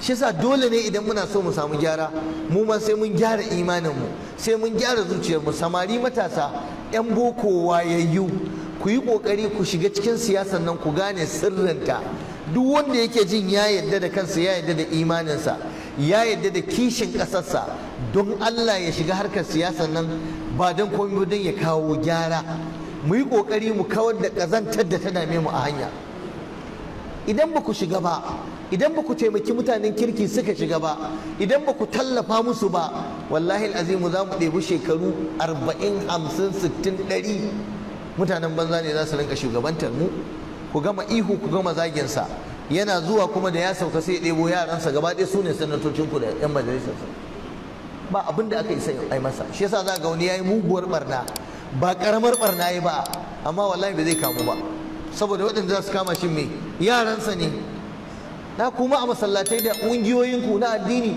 shi yasa dole ne idan muna so mu samu gyara mu ma sai mun gyara imaninmu sai mun gyara zuciyarmu samari matasa yan boko wayayyu ku yi ƙoƙari ku shiga cikin siyasar nan ku gane sirrinta duk wanda yake jin ya yadda da kansa ya yadda da imaninsa ya yadda da kishin ƙasarsa don Allah ya shiga harkar siyasar nan ba don komai ya kawo gyara mu yi kokari mu kawar da ƙazantar da ta dame mu a hanya idan ba ku shiga ba idan ba ku taimaki mutanen kirki suka shiga ba idan ba ku tallafa musu ba wallahi azimu za mu ɗebi shekaru arba'in hamsin sittin ɗari mutanen banza ne za su rinka shugabantar mu ku gama ihu ku gama zaginsa yana zuwa kuma da ya sauka sai ya ɗebo yaransa gaba ɗaya su ne sanatocin ku da 'yan majalisarsa ba abin da aka isa ai masa shi yasa za ga wani ya muguwar barna ba karamar barna ya ba amma wallahi ba zai kamu ba saboda waɗanda za su kama shi mai yaransa ne na kuma a masallatai da ƙungiyoyinku na addini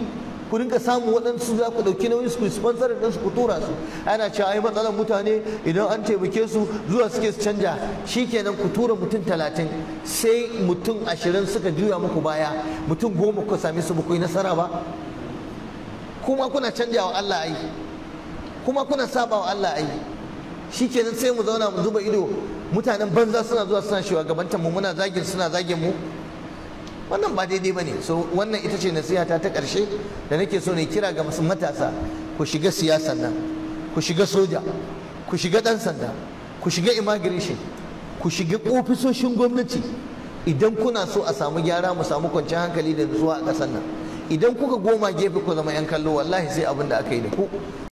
ku dinga samu waɗansu za ku ɗauki nauyin su sponsor da su ku tura su ana cewa ai matsalar mutane idan an taimake su zuwa suke su canja shikenan ku tura mutum talatin sai mutum ashirin suka juya muku baya mutum goma ku sami su ba nasara ba kuma kuna canjawa Allah ai kuma kuna sabawa Allah ai shi shikenan sai mu zauna mu zuba ido mutanen banza suna zuwa suna shewa gabantan mu muna zagin suna zagin mu wannan ba daidai ba ne so wannan ita ce nasihata ta karshe da nake so ne kira ga matasa ku shiga siyasan nan ku shiga soja ku shiga dan sanda ku shiga immigration ku shiga ofisoshin gwamnati idan kuna so a samu gyara mu samu kwanciyar hankali da zuwa a ƙasar nan idan kuka goma gefe ku zama 'yan kallo wallahi sai abin da aka yi da ku